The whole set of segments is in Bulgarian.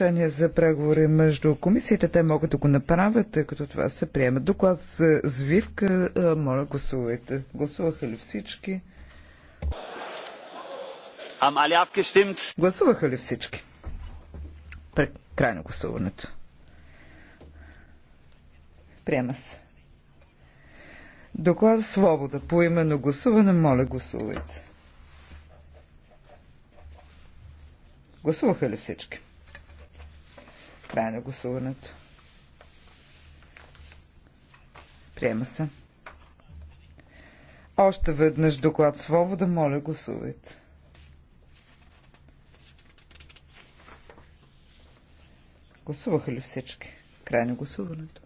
решение за преговори между комисиите, те могат да го направят, тъй като това се приема. Доклад за звивка, моля гласувайте. Гласуваха ли всички? Гласуваха ли всички? Край на гласуването. Приема се. Доклад Свобода. По именно гласуване, моля гласувайте. Гласуваха ли всички? Край на гласуването. Приема се. Още веднъж доклад Свобода, моля гласувайте. Гласуваха ли всички? Край на гласуването.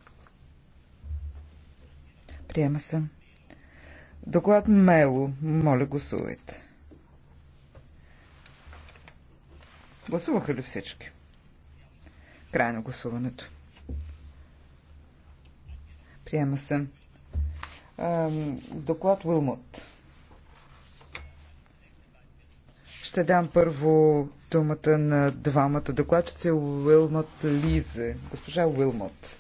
Приема се. Доклад Мело, моля гласувайте. Гласуваха ли всички? Край на гласуването. Приема се. Доклад Уилмот. Ще дам първо думата на двамата докладчици Уилмот Лизе. Госпожа Уилмот.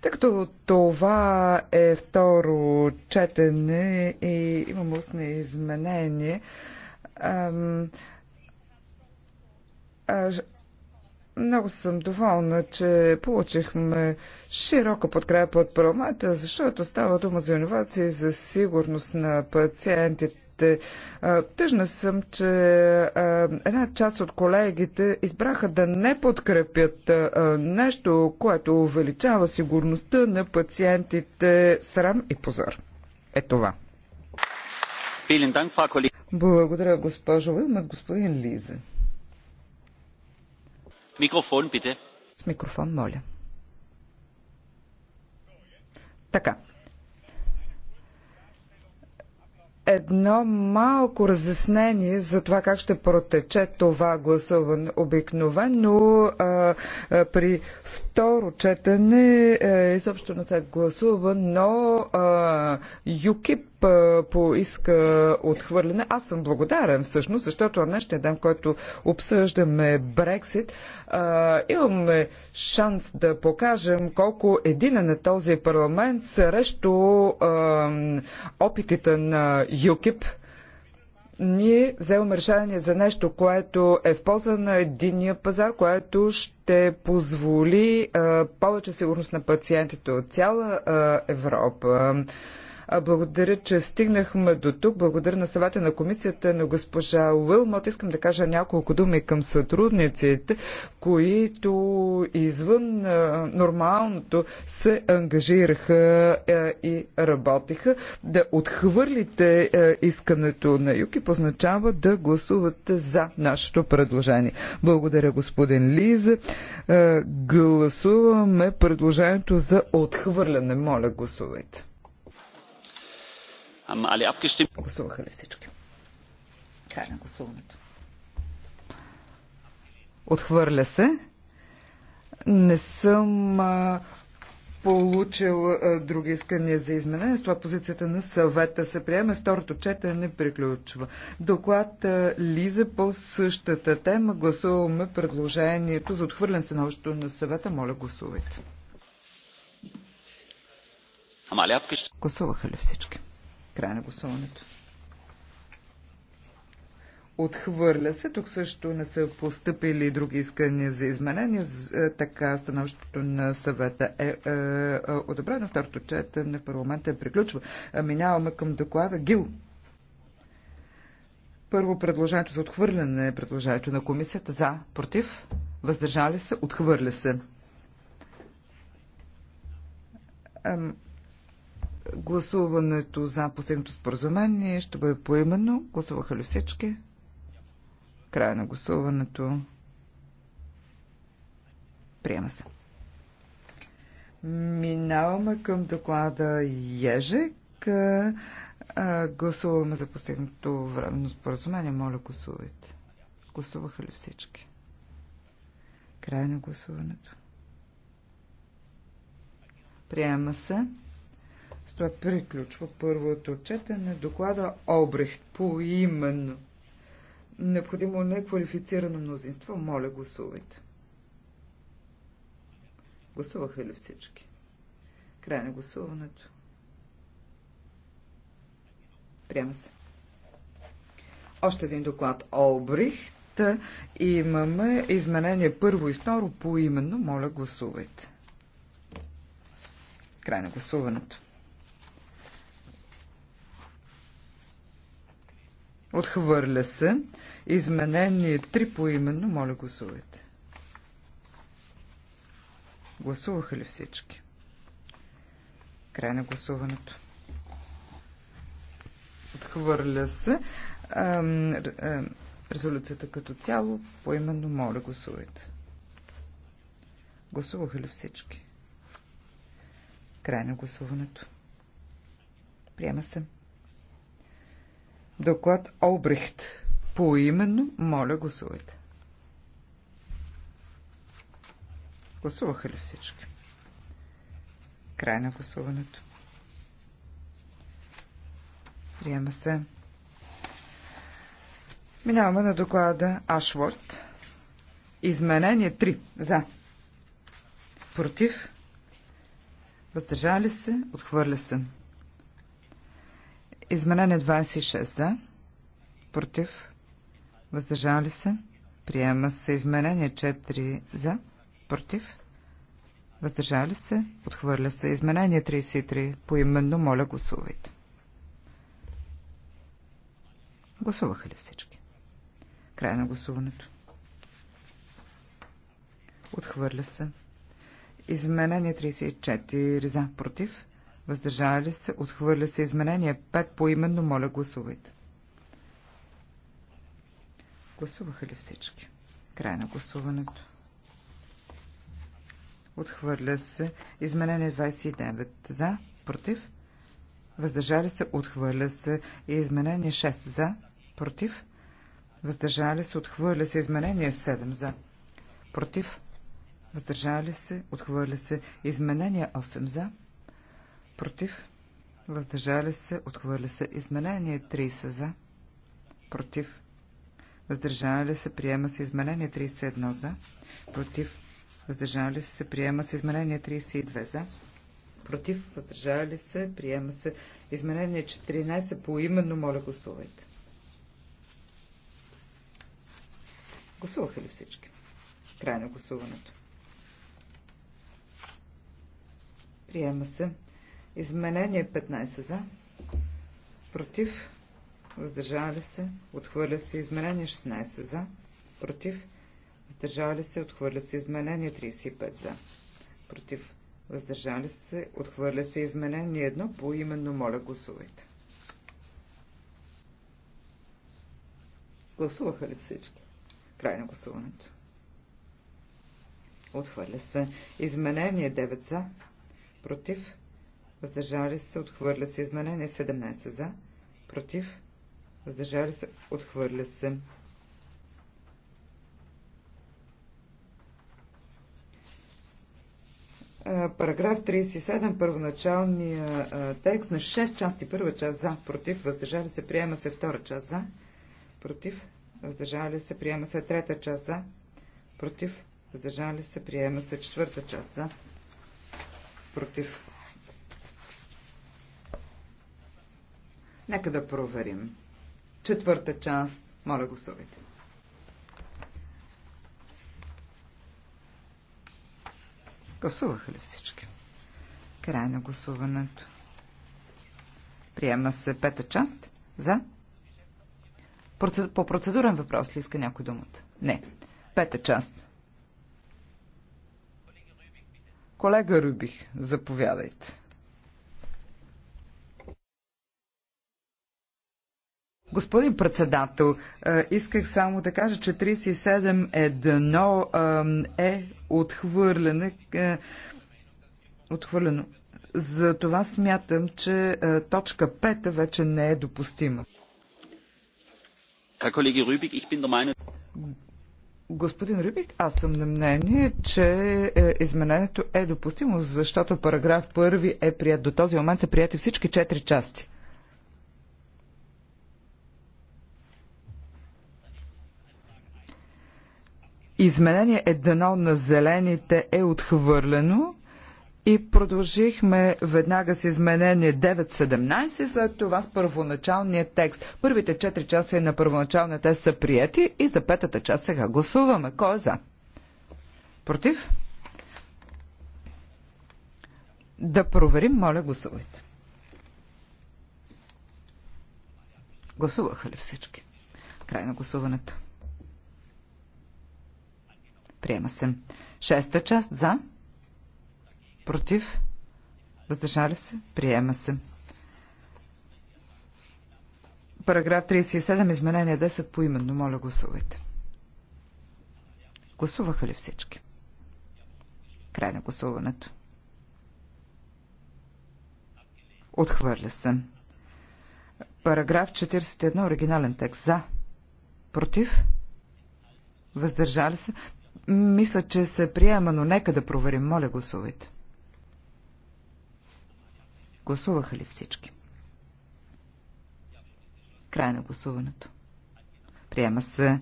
Тъй като това е второ четене и имам устни изменение, ам, много съм доволна, че получихме широка подкрепа от парламента, защото става дума за инновации за сигурност на пациентите. Тъжна съм, че една част от колегите избраха да не подкрепят нещо, което увеличава сигурността на пациентите. Срам и позор. Е това. Благодаря, госпожо Вилмат, господин Лизе. Микрофон, пите. С микрофон, моля. Така. едно малко разяснение за това как ще протече това гласуване. Обикновено а, а, при второ четене е, изобщо не се гласува, но а, ЮКИП поиска отхвърляне. Аз съм благодарен всъщност, защото на днешния е ден, който обсъждаме Брексит, имаме шанс да покажем колко един е този парламент срещу опитите на ЮКИП ние вземаме решение за нещо, което е в полза на единния пазар, което ще позволи а, повече сигурност на пациентите от цяла а, Европа. Благодаря, че стигнахме до тук. Благодаря на съвета на комисията на госпожа Уилмот. Искам да кажа няколко думи към сътрудниците, които извън нормалното се ангажираха и работиха. Да отхвърлите искането на Юки позначава да гласувате за нашето предложение. Благодаря, господин Лиза. Гласуваме предложението за отхвърляне. Моля, гласувайте. Гласуваха ли всички? Край на гласуването. Отхвърля се. Не съм а, получил а, други искания за изменение. С това позицията на съвета се приеме. Второто четене приключва. Доклад а, Лиза по същата тема. Гласуваме предложението за отхвърлен се на съвета. Моля, гласувайте. Гласуваха ли всички? Край на гласуването. Отхвърля се. Тук също не са поступили други искания за изменения. Е, така становището на съвета е, е, е одобрено. Второто четене на парламента е приключва. Минаваме към доклада ГИЛ. Първо предложението за отхвърляне е предложението на комисията. За, против, въздържали се, отхвърля се. Гласуването за последното споразумение ще бъде поименно. Гласуваха ли всички? Край на гласуването. Приема се. Минаваме към доклада Ежек. Гласуваме за постигнато временно споразумение. Моля, гласувайте. Гласуваха ли всички? Край на гласуването. Приема се. С това приключва първото четене. Доклада Обрехт по именно. Необходимо неквалифицирано мнозинство. Моля, гласувайте. Гласуваха ли всички? Край на гласуването. Приема се. Още един доклад Олбрихт. Имаме изменение първо и второ по именно. Моля, гласувайте. Край на гласуването. Отхвърля се. Изменение 3 по именно. Моля, гласувайте. Гласуваха ли всички? Край на гласуването. Отхвърля се. Ам, ам, резолюцията като цяло по именно. Моля, гласувайте. Гласуваха ли всички? Край на гласуването. Приема се. Доклад Обрехт. Поименно, моля, гласувайте. Гласуваха ли всички? Край на гласуването. Приема се. Минаваме на доклада Ашворд. Изменение 3. За. Против. Въздържали се. Отхвърля се. Изменение 26 за. Против. Въздържали се. Приема се изменение 4 за. Против. Въздържали се. Отхвърля се. Изменение 33. Поименно моля гласувайте. Гласуваха ли всички? Край на гласуването. Отхвърля се. Изменение 34 за. Против въздържали се, отхвърля се изменение 5 по именно, моля гласувайте. Гласуваха ли всички? Край на гласуването. Отхвърля се изменение 29 за, против, въздържали се, отхвърля се и изменение 6 за, против, въздържали се, отхвърля се изменение 7 за, против, въздържали се, отхвърля се изменение 8 за, Против. Въздържали се. Отхвърля се. Изменение 30 за. Против. Въздържали се. Приема се. Изменение 31 за. Против. Въздържали се. Приема се. Изменение 32 за. Против. Въздържали се. Приема се. Изменение 14 по именно. Моля гласувайте. Гласуваха ли всички? Край на гласуването. Приема се. Изменение 15 за. Против. Въздържали се. Отхвърля се. Изменение 16 за. Против. Въздържали се. Отхвърля се. Изменение 35 за. Против. Въздържали се. Отхвърля се. Изменение едно. По именно моля гласувайте. Гласуваха ли всички? Край на гласуването. Отхвърля се. Изменение 9 за. Против въздържали се, отхвърля се. Изменение 17 за, против, въздържали се, отхвърля се. Параграф 37, първоначалния текст на 6 части. Първа част за, против, въздържали се, приема се. Втора част за, против, въздържали се, приема се. Трета част за, против, въздържали се, приема се. Четвърта част за, против, Нека да проверим. Четвърта част. Моля, совете. Гласуваха ли всички? Край на гласуването. Приема се пета част. За? По процедурен въпрос ли иска някой думата? Не. Пета част. Колега Рубих, заповядайте. Господин председател, е, исках само да кажа, че 37 е едно е, е отхвърлено. Е, отхвърлено. За това смятам, че точка 5 вече не е допустима. Господин Рюбик, аз съм на мнение, че изменението е допустимо, защото параграф 1 е прият. До този момент са прияти всички четири части. Изменение едно на зелените е отхвърлено и продължихме веднага с изменение 9.17 след това с първоначалния текст. Първите 4 часа на първоначалния тест са прияти и за петата част сега гласуваме. Кой е за? Против? Да проверим, моля, гласувайте. Гласуваха ли всички? Край на гласуването. Приема се. Шеста част за. Против. Въздържали се. Приема се. Параграф 37, изменение 10 по именно. Моля, гласувайте. Гласуваха ли всички? Край на гласуването. Отхвърля се. Параграф 41, оригинален текст. За. Против. Въздържали се. Мисля, че се приема, но нека да проверим. Моля, гласувайте. Гласуваха ли всички? Край на гласуването. Приема се.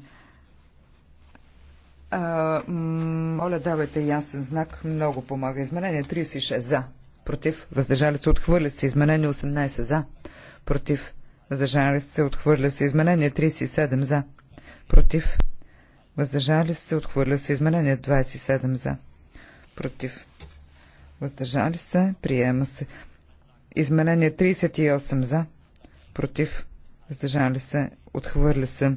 А, моля, давайте ясен знак. Много помага. Изменение 36 за. Против. Въздържали се. Отхвърля се. Изменение 18 за. Против. Въздържали се. Отхвърля се. Изменение 37 за. Против. Въздържали се, отхвърля се. Изменение 27 за. Против. Въздържали се, приема се. Изменение 38 за. Против. Въздържали се, отхвърля се.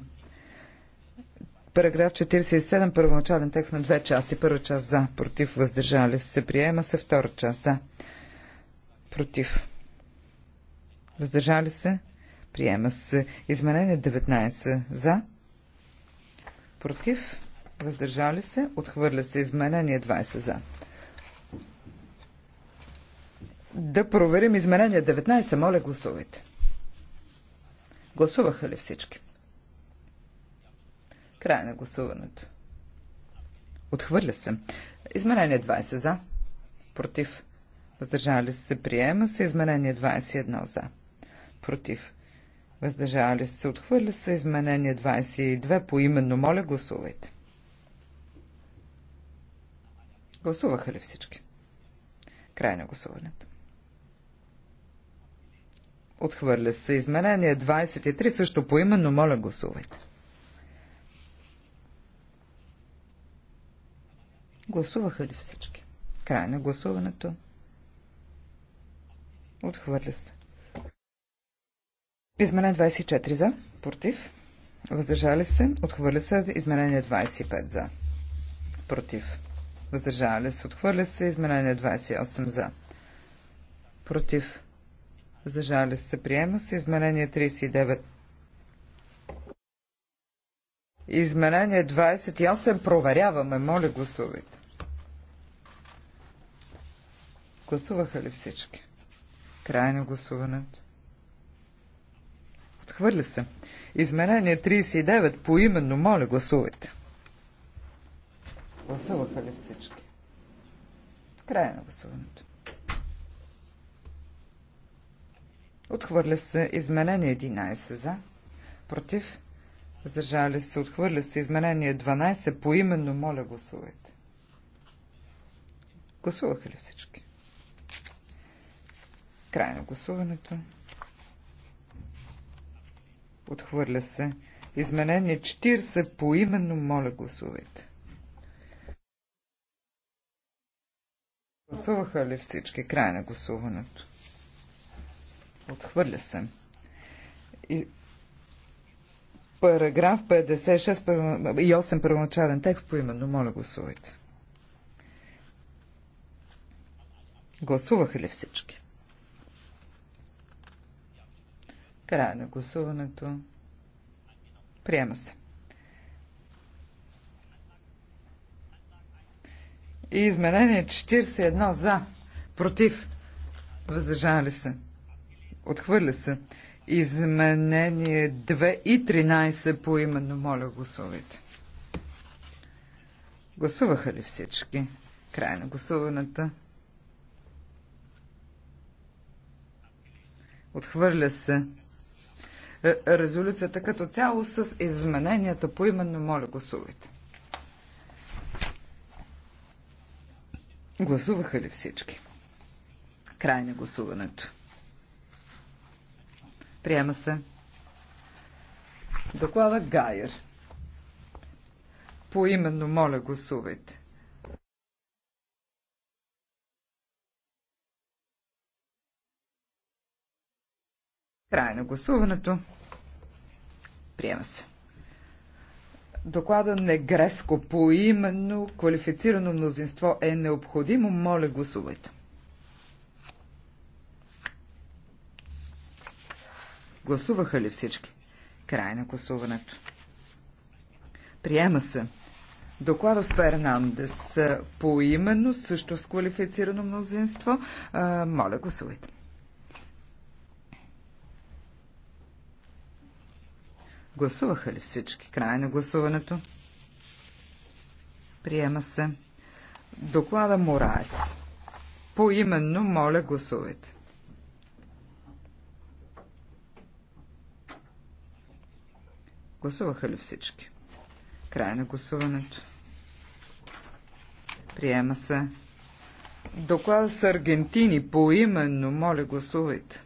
Параграф 47, първоначален текст на две части. Първа част за, против, въздържали се, приема се. Втора част за, против, въздържали се, приема се. Изменение 19 за, против, въздържали се, отхвърля се изменение 20 за. Да проверим изменение 19, моля гласувайте. Гласуваха ли всички? Край на гласуването. Отхвърля се. Изменение 20 за. Против. Въздържали се. Приема се. Изменение 21 за. Против въздържали се, отхвърля се. Изменение 22 по именно. Моля, гласувайте. Гласуваха ли всички? Край на гласуването. Отхвърля се. Изменение 23 също по именно. Моля, гласувайте. Гласуваха ли всички? Край на гласуването. Отхвърля се. Изменение 24 за, против, въздържали се, отхвърля се, изменение 25 за, против, въздържали се, отхвърля се, изменение 28 за, против, въздържали се, приема се, изменение 39 Изменение 28 проверяваме. Моля, гласувайте. Гласуваха ли всички? Край на гласуването. Отхвърля се. Изменение 39. по именно моля, гласувайте. Гласуваха ли всички? Края на гласуването. Отхвърля се. Изменение 11. За. Против. Въздържали се. Отхвърля се. Изменение 12. по именно моля, гласувайте. Гласуваха ли всички? Край на гласуването. Отхвърля се. Изменение 40 по именно моля гласувайте. Гласуваха ли всички? Край на гласуването. Отхвърля се. И... Параграф 56 и 8 първоначален текст по именно. Моля гласувайте. Гласуваха ли всички? Края на гласуването. Приема се. И изменение 41 за, против, въздържали се, отхвърля се. Изменение 2 и 13 по именно, моля гласувайте. Гласуваха ли всички? Край на гласуването. Отхвърля се е, резолюцията като цяло с измененията по именно. Моля, гласувайте. Гласуваха ли всички? Край на гласуването. Приема се. Доклада Гайер. Поименно, моля, гласувайте. Край на гласуването. Приема се. Доклада Негреско по именно квалифицирано мнозинство е необходимо. Моля, гласувайте. Гласуваха ли всички? Край на гласуването. Приема се. Доклада Фернандес по именно, също с квалифицирано мнозинство. моля, гласувайте. Гласуваха ли всички? Край на гласуването. Приема се. Доклада Морайс. Поименно, моля, гласувайте. Гласуваха ли всички? Край на гласуването. Приема се. Доклада с Аргентини поименно, моля, гласувайте.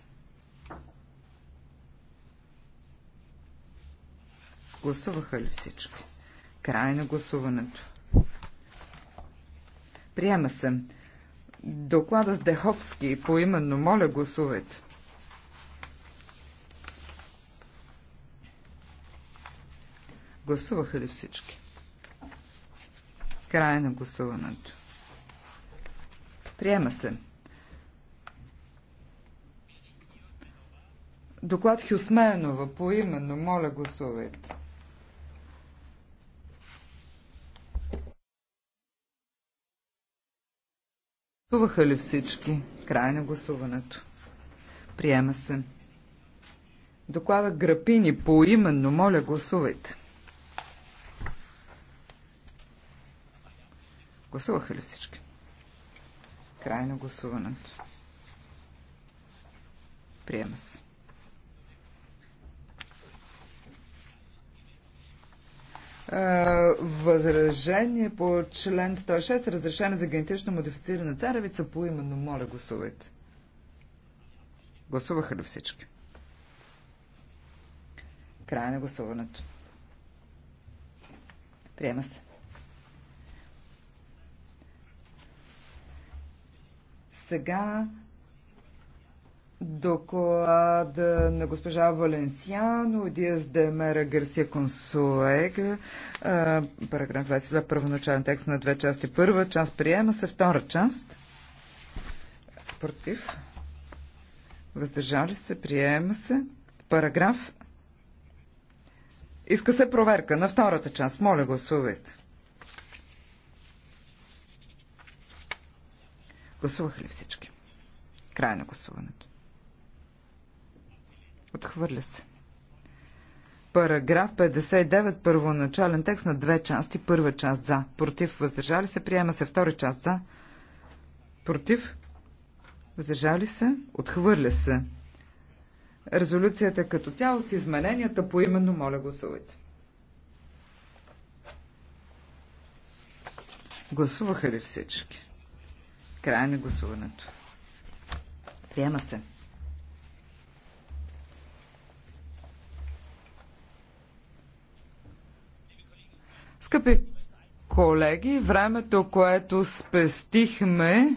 Гласуваха ли всички? Край на гласуването. Приема се. Доклада с Деховски по именно моля гласувайте. Гласуваха ли всички? Край на гласуването. Приема се. Доклад Хюсменова по именно моля гласувайте. Гласуваха ли всички? Край на гласуването. Приема се. Доклада Грапини по именно, моля гласувайте. Гласуваха ли всички? Край на гласуването. Приема се. Е, възражение по член 106, разрешение за генетично модифицирана царевица, по именно моля гласувайте. Гласуваха ли всички? Края на гласуването. Приема се. Сега Доклад на госпожа Валенсиано, Диас де Мера Гарсия Консуега, параграф 22, първоначален текст на две части. Първа част приема се, втора част против, въздържали се, приема се, параграф. Иска се проверка на втората част. Моля, гласувайте. Гласуваха ли всички? Край на гласуването. Отхвърля се. Параграф 59, първоначален текст на две части. Първа част за. Против. Въздържали се. Приема се. Втора част за. Против. Въздържали се. Отхвърля се. Резолюцията като цяло с измененията по именно моля гласувайте. Гласуваха ли всички? Край на гласуването. Приема се. Скъпи колеги, времето, което спестихме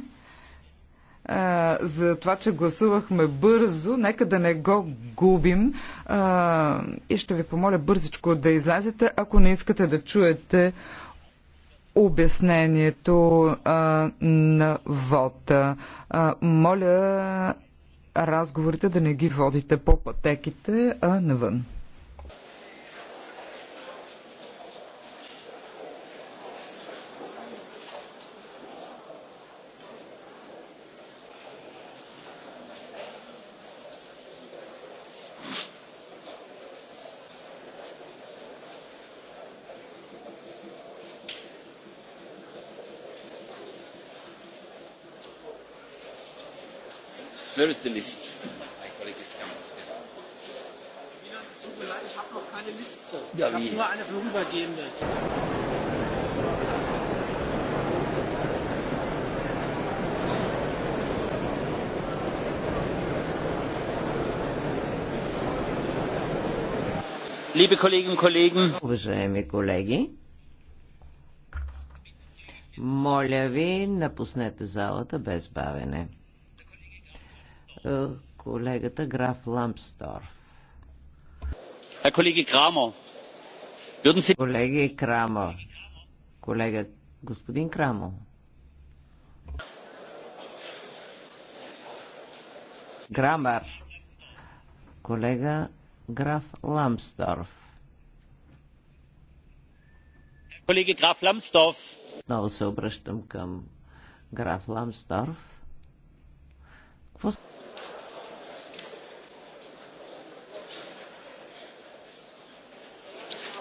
а, за това, че гласувахме бързо, нека да не го губим а, и ще ви помоля бързичко да излезете, ако не искате да чуете обяснението а, на вота. А, моля разговорите да не ги водите по пътеките, а навън. mir leid, ich habe noch keine Liste. Ja, ich habe nur eine vorübergehende. Liebe Kolleginnen und Kollegen, уважаеми колеги, моля ви, напуснете залата без бавене. Е, колегата граф Лампсторф. Е, колеги Крамо, колеги колега господин Крамо. Грамар, колега граф Ламсторф. Колеги граф Ламсторф. Отново се обръщам към граф Ламсторф. Какво